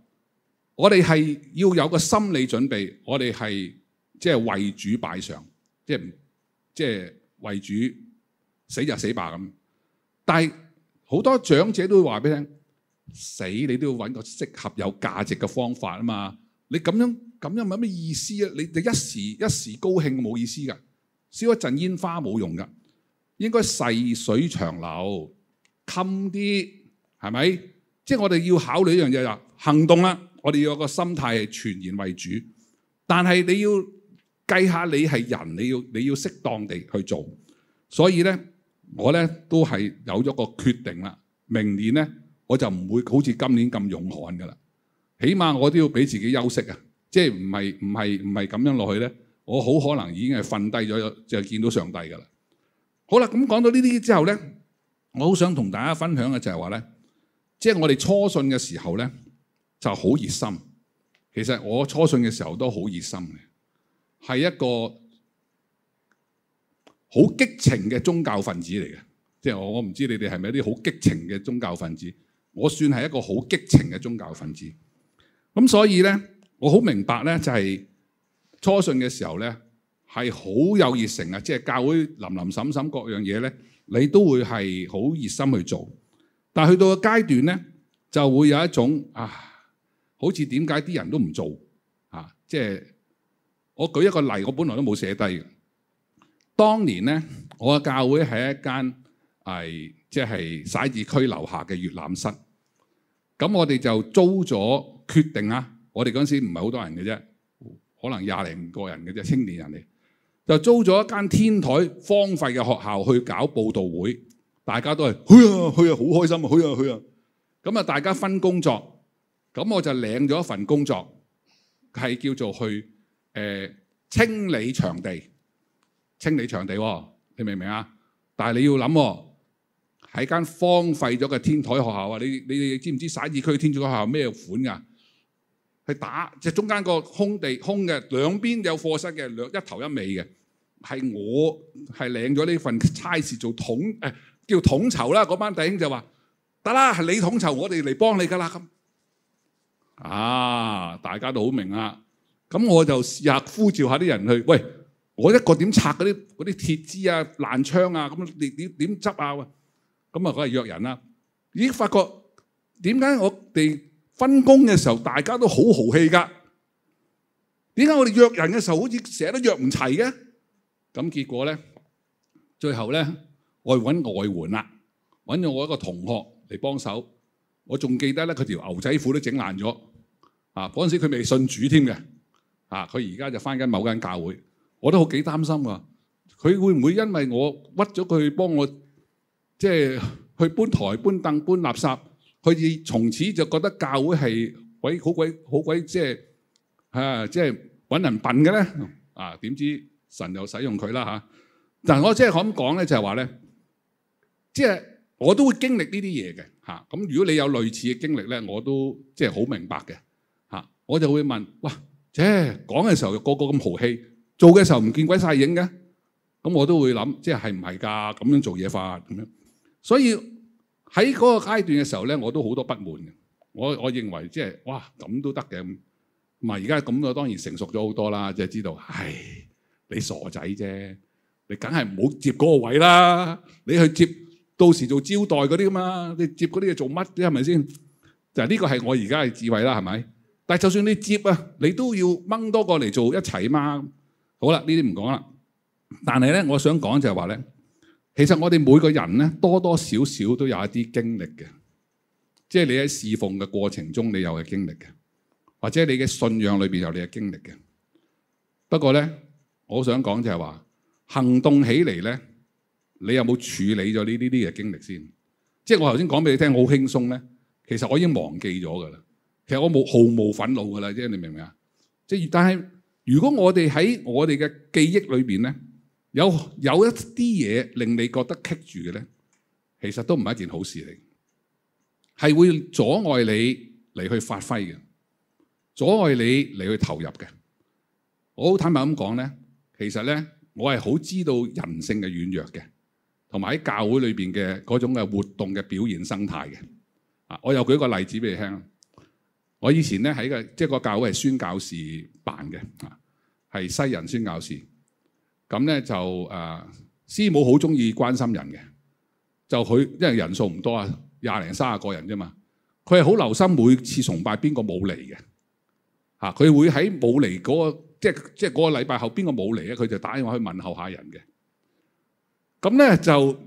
Speaker 1: 我哋係要有個心理準備，我哋係即係為主拜上，即係即係為主死就死吧咁。但係好多長者都會話俾你聽，死你都要搵個適合有價值嘅方法啊嘛。你咁樣咁樣，有咩意思啊？你你一時一時高興冇意思噶，燒一陣煙花冇用噶，應該細水長流，冚啲係咪？即係、就是、我哋要考慮一樣嘢就行動啦。我哋要有個心態係全然為主，但係你要計下你係人，你要你要適當地去做。所以咧，我咧都係有咗個決定啦。明年咧，我就唔會好似今年咁勇悍噶啦。起碼我都要俾自己休息啊，即係唔係唔係唔係咁樣落去咧，我好可能已經係瞓低咗，就見到上帝噶啦。好啦，咁講到呢啲之後咧，我好想同大家分享嘅就係話咧，即係我哋初信嘅時候咧，就好熱心。其實我初信嘅時候都好熱心嘅，係一個好激情嘅宗教分子嚟嘅。即係我，我唔知你哋係咪一啲好激情嘅宗教分子。我算係一個好激情嘅宗教分子。咁所以呢，我好明白呢，就係初信嘅時候呢，係好有熱誠啊！即係教會林林沈沈各樣嘢呢，你都會係好熱心去做。但係去到個階段呢，就會有一種啊～好似點解啲人都唔做啊？即、就、係、是、我舉一個例，我本來都冇寫低嘅。當年咧，我嘅教會喺一間、哎、即係徙置區樓下嘅閱覽室。咁我哋就租咗，決定啊！我哋嗰陣時唔係好多人嘅啫，可能廿零個人嘅啫，青年人嚟。就租咗一間天台荒廢嘅學校去搞佈道會，大家都係去啊去啊好開心啊去啊去啊！咁啊，大家分工作。咁我就領咗一份工作，係叫做去誒、呃、清理場地，清理場地、哦，你明唔明啊？但係你要諗喎、哦，喺間荒廢咗嘅天台學校啊！你你哋知唔知沙二區天主教學校咩款㗎？係打即係中間個空地，空嘅兩邊有課室嘅，兩一頭一尾嘅。係我係領咗呢份差事做統誒、哎，叫統籌啦。嗰班弟兄就話：得啦，係你統籌，我哋嚟幫你㗎啦咁。啊！大家都好明啊。咁我就試下呼召下啲人去。喂，我一個點拆嗰啲啲鐵枝啊、爛窗啊，咁你點點執啊？咁啊，佢係約人啦。已經發覺點解我哋分工嘅時候大家都好豪氣㗎？點解我哋約人嘅時候好似成日都約唔齊嘅？咁結果咧，最後咧，我揾外援啦，揾咗我一個同學嚟幫手。我仲記得咧，佢條牛仔褲都整爛咗。啊！嗰陣時佢未信主添嘅，啊！佢而家就翻緊某間教會，我都好幾擔心㗎。佢會唔會因為我屈咗佢幫我，即係去搬台、搬凳、搬垃圾，佢以從此就覺得教會係鬼好鬼好鬼，即係啊，即係揾人笨嘅咧？啊！點知神又使用佢啦嚇！但係我即係咁講咧，就係話咧，即係我都會經歷呢啲嘢嘅嚇。咁如果你有類似嘅經歷咧，我都即係好明白嘅。我就會問：哇，啫講嘅時候又個個咁豪氣，做嘅時候唔見鬼晒影嘅。咁我都會諗，即係係唔係㗎？咁樣做嘢法咁樣。所以喺嗰個階段嘅時候咧，我都好多不滿嘅。我我認為即係哇，咁都得嘅。唔係而家咁，我當然成熟咗好多啦。即係知道，唉，你傻仔啫，你梗係唔好接嗰個位啦。你去接到時做招待嗰啲嘛？你接嗰啲嘢做乜啫？係咪先？就係呢個係我而家嘅智慧啦，係咪？但就算你接啊，你都要掹多個嚟做一齊嘛。好啦，呢啲唔講啦。但係咧，我想講就係話咧，其實我哋每個人咧，多多少少都有一啲經歷嘅，即係你喺侍奉嘅過程中，你有嘅經歷嘅，或者你嘅信仰裏邊有你嘅經歷嘅。不過咧，我想講就係話行動起嚟咧，你有冇處理咗呢呢啲嘅經歷先？即係我頭先講俾你聽好輕鬆咧，其實我已經忘記咗噶啦。其實我冇毫無憤怒㗎喇，即係你明唔明啊？即係但係，如果我哋喺我哋嘅記憶裏邊咧，有有一啲嘢令你覺得棘住嘅咧，其實都唔係一件好事嚟，係會阻礙你嚟去發揮嘅，阻礙你嚟去投入嘅。我好坦白咁講咧，其實咧，我係好知道人性嘅軟弱嘅，同埋喺教會裏邊嘅嗰種嘅活動嘅表現生態嘅。啊，我又舉個例子俾你聽。我以前咧喺個即係個教會係宣教士辦嘅，嚇係西人宣教士。咁咧就誒師母好中意關心人嘅，就佢因為人數唔多啊，廿零三十個人啫嘛，佢係好留心每次崇拜邊個冇嚟嘅嚇，佢會喺冇嚟嗰個即係即係嗰個禮拜後邊個冇嚟咧，佢就打電話去問候下人嘅。咁咧就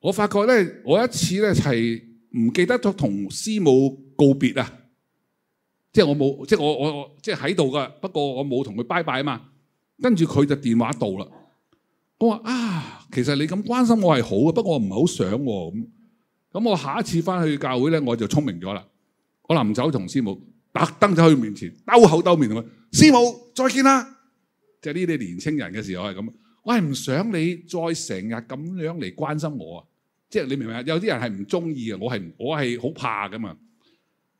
Speaker 1: 我發覺咧，我一次咧係唔記得咗同師母告別啊。即係我冇，即係我我，我即係喺度噶不過我冇同佢拜拜啊嘛。跟住佢就電話到啦。我話啊，其實你咁關心我係好嘅，不過我唔係好想咁，哦。咁我下一次翻去教會咧，我就聰明咗啦。我臨走同師母特登走去面前兜口兜面，師母再見啦。即係呢啲年青人嘅時候係咁。我係唔想你再成日咁樣嚟關心我啊。即係你明唔明啊？有啲人係唔中意啊，我係我係好怕噶嘛。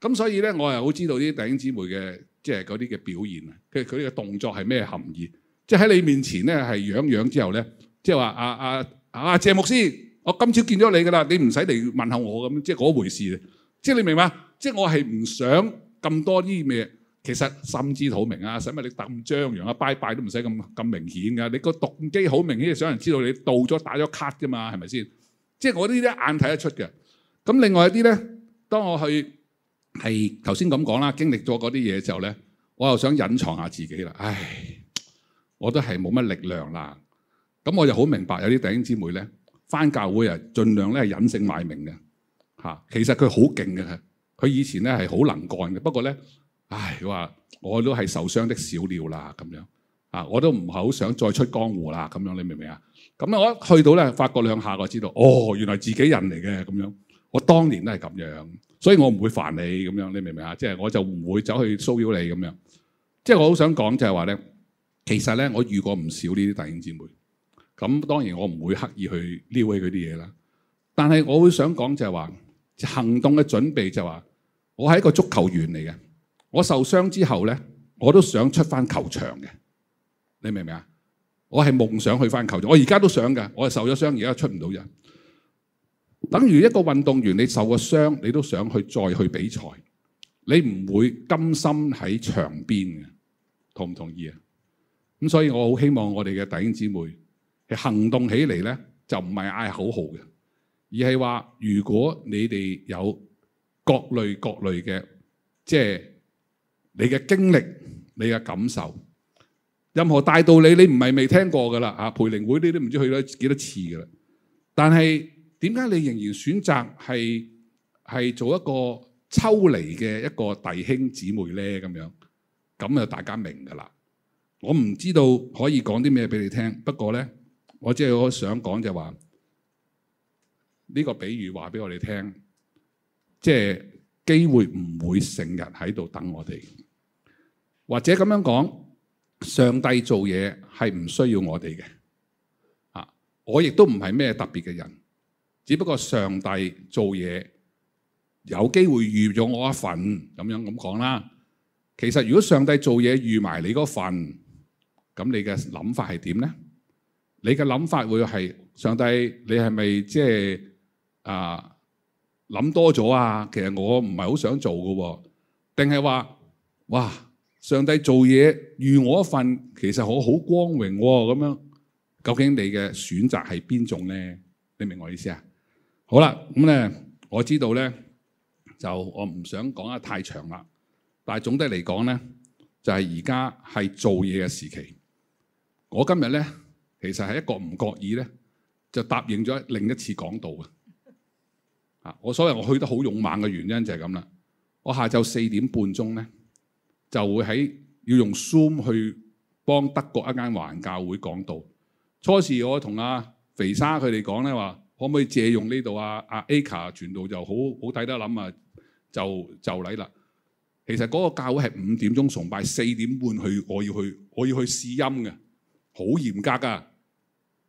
Speaker 1: 咁所以咧，我係好知道啲弟兄姊妹嘅，即係嗰啲嘅表現啊，佢佢嘅動作係咩含意？即係喺你面前咧，係樣樣之後咧，即係話啊啊啊，謝牧師，我今朝見咗你噶啦，你唔使嚟問候我咁，即係嗰回事。即係你明嘛？即係我係唔想咁多呢啲咩，其實心知肚明啊，使乜你咁張揚啊？拜拜都唔使咁咁明顯噶。你個動機好明顯，想人知道你到咗打咗卡㗎嘛？係咪先？即係我呢啲一眼睇得出嘅。咁另外一啲咧，當我去。係頭先咁講啦，經歷咗嗰啲嘢之後咧，我又想隱藏下自己啦。唉，我都係冇乜力量啦。咁我又好明白有啲弟兄姊妹咧，翻教會啊，儘量咧係隱姓埋名嘅嚇。其實佢好勁嘅，佢以前咧係好能幹嘅。不過咧，唉，佢話我都係受傷的小鳥啦咁樣啊，我都唔係好想再出江湖啦咁樣。你明唔明啊？咁我一去到咧，發覺兩下我知道，哦，原來自己人嚟嘅咁樣。我當年都係咁樣。所以我唔會煩你咁樣，你明唔明啊？即係我就唔會走去騷擾你咁樣。即係我好想講就係話咧，其實咧我遇過唔少呢啲弟兄姊妹。咁當然我唔會刻意去撩起佢啲嘢啦。但係我會想講就係話，行動嘅準備就係話，我係一個足球員嚟嘅。我受傷之後咧，我都想出翻球場嘅。你明唔明啊？我係夢想去翻球場，我而家都想噶。我係受咗傷，而家出唔到人。等於一個運動員，你受個傷，你都想去再去比賽，你唔會甘心喺場邊嘅，同唔同意啊？咁所以我好希望我哋嘅弟兄姊妹係行動起嚟咧，就唔係嗌口號嘅，而係話如果你哋有各類各類嘅，即係你嘅經歷、你嘅感受，任何大道理你唔係未聽過噶啦，吓培靈會你都唔知去咗幾多次噶啦，但係，點解你仍然選擇係係做一個抽離嘅一個弟兄姊妹呢？咁樣咁就大家明噶啦。我唔知道可以講啲咩俾你聽，不過呢，我只係我想講就話呢個比喻話俾我哋聽，即係機會唔會成日喺度等我哋，或者咁樣講，上帝做嘢係唔需要我哋嘅。啊，我亦都唔係咩特別嘅人。只不過上帝做嘢有機會預咗我一份咁樣咁講啦。其實如果上帝做嘢預埋你嗰份，咁你嘅諗法係點呢？你嘅諗法會係上帝？你係咪即係啊諗多咗啊？其實我唔係好想做嘅喎。定係話哇上帝做嘢預我一份，其實我好光榮咁樣。究竟你嘅選擇係邊種呢？你明我意思啊？好啦，咁、嗯、咧我知道咧，就我唔想講得太長啦。但係總的嚟講咧，就係而家係做嘢嘅時期。我今日咧，其實係一個唔覺意咧，就答應咗另一次講道嘅。啊，我所以我去得好勇猛嘅原因就係咁啦。我下晝四點半鐘咧，就會喺要用 Zoom 去幫德國一間華人教會講道。初時我同阿肥沙佢哋講咧話。可唔可以借用呢度啊？阿 a c a 傳道就好好睇得諗啊，就就嚟啦。其實嗰個教會係五點鐘崇拜，四點半去，我要去，我要去試音嘅，好嚴格噶。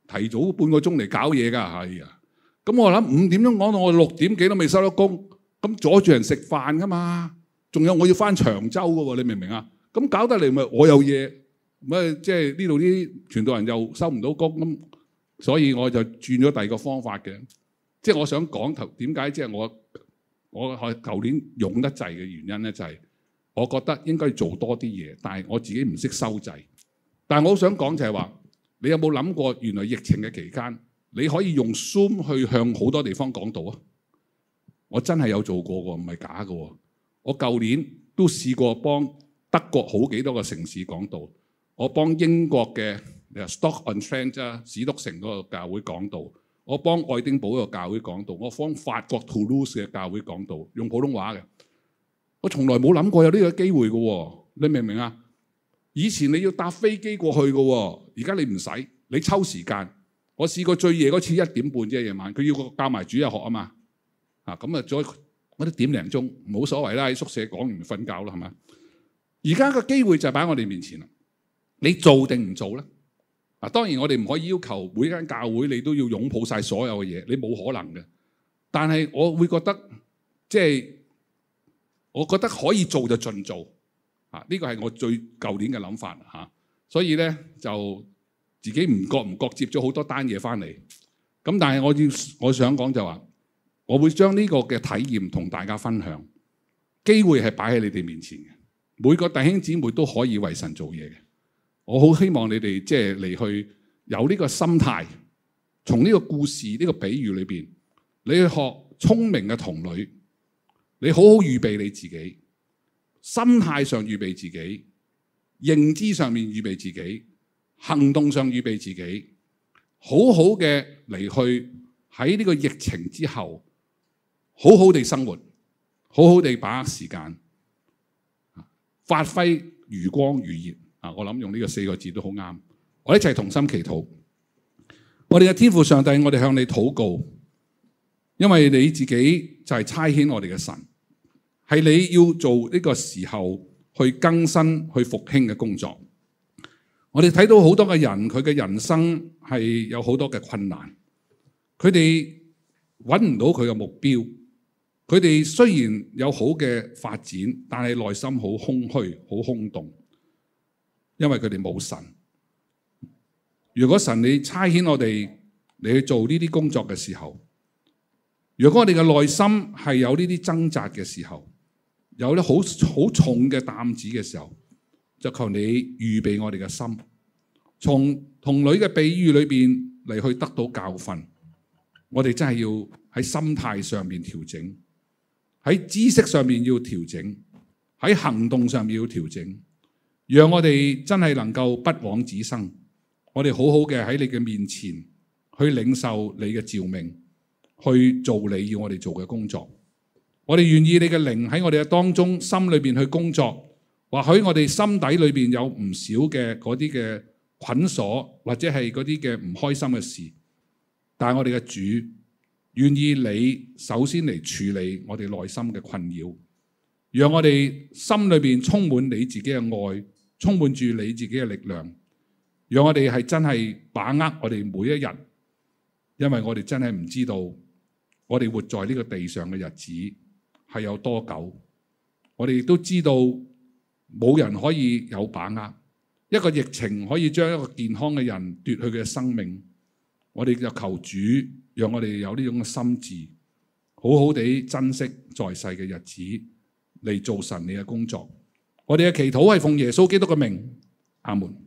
Speaker 1: 提早半個鐘嚟搞嘢㗎，係啊。咁我諗五點鐘講到我六點幾都未收得工，咁阻住人食飯㗎嘛。仲有我要返長洲㗎喎，你明唔明啊？咁搞得嚟咪我有嘢，咁啊即係呢度啲傳道人又收唔到工咁。所以我就轉咗第二個方法嘅，即係我想講頭點解即係我我喺舊年用得滯嘅原因咧，就係我覺得應該做多啲嘢，但係我自己唔識收制。但我好想講就係話，你有冇諗過原來疫情嘅期間，你可以用 Zoom 去向好多地方講道啊！我真係有做過喎，唔係假嘅喎。我舊年都試過幫德國好幾多個城市講道，我幫英國嘅。Stoke-on-Trent 啊，史篤城嗰個教會講道。我幫愛丁堡個教會講道。我幫法國 Toulouse 嘅教會講道。用普通話嘅。我從來冇諗過有呢個機會嘅喎，你明唔明啊？以前你要搭飛機過去嘅喎，而家你唔使，你抽時間。我試過最夜嗰次、啊、一點半即啫，夜晚佢要個教埋主日學啊嘛啊咁啊，再嗰啲點零鐘冇所謂啦，喺宿舍講完瞓覺啦，係咪？而家個機會就擺喺我哋面前啦，你做定唔做咧？嗱，當然我哋唔可以要求每間教會你都要擁抱晒所有嘅嘢，你冇可能嘅。但係我會覺得，即係我覺得可以做就盡做。啊，呢個係我最舊年嘅諗法嚇。所以咧就自己唔覺唔覺接咗好多單嘢翻嚟。咁但係我要我想講就話，我會將呢個嘅體驗同大家分享。機會係擺喺你哋面前嘅，每個弟兄姊妹都可以為神做嘢嘅。我好希望你哋即係嚟去有呢個心態，從呢個故事呢個比喻裏邊，你去學聰明嘅童女，你好好預備你自己，心態上預備自己，認知上面預備自己，行動上預備自己，好好嘅嚟去喺呢個疫情之後，好好地生活，好好地把握時間，發揮餘光餘熱。我諗用呢個四個字都好啱。我一齊同心祈禱。我哋嘅天父上帝，我哋向你禱告，因為你自己就係差遣我哋嘅神，係你要做呢個時候去更新、去復興嘅工作。我哋睇到好多嘅人，佢嘅人生係有好多嘅困難，佢哋搵唔到佢嘅目標。佢哋雖然有好嘅發展，但係內心好空虛、好空洞。因為佢哋冇神。如果神你差遣我哋嚟去做呢啲工作嘅時候，如果我哋嘅內心係有呢啲掙扎嘅時候，有啲好好重嘅擔子嘅時候，就求你預備我哋嘅心，從童女嘅比喻裏邊嚟去得到教訓。我哋真係要喺心態上面調整，喺知識上面要調整，喺行動上面要調整。讓我哋真係能夠不枉此生，我哋好好嘅喺你嘅面前去領受你嘅召命，去做你要我哋做嘅工作。我哋願意你嘅靈喺我哋嘅當中，心裏邊去工作。或許我哋心底裏邊有唔少嘅嗰啲嘅捆鎖，或者係嗰啲嘅唔開心嘅事。但係我哋嘅主願意你首先嚟處理我哋內心嘅困擾，讓我哋心裏邊充滿你自己嘅愛。充滿住你自己嘅力量，讓我哋係真係把握我哋每一日，因為我哋真係唔知道我哋活在呢個地上嘅日子係有多久。我哋都知道冇人可以有把握，一個疫情可以將一個健康嘅人奪去佢嘅生命。我哋就求主，讓我哋有呢種嘅心智，好好地珍惜在世嘅日子，嚟做神你嘅工作。我哋嘅祈禱係奉耶穌基督嘅名，阿門。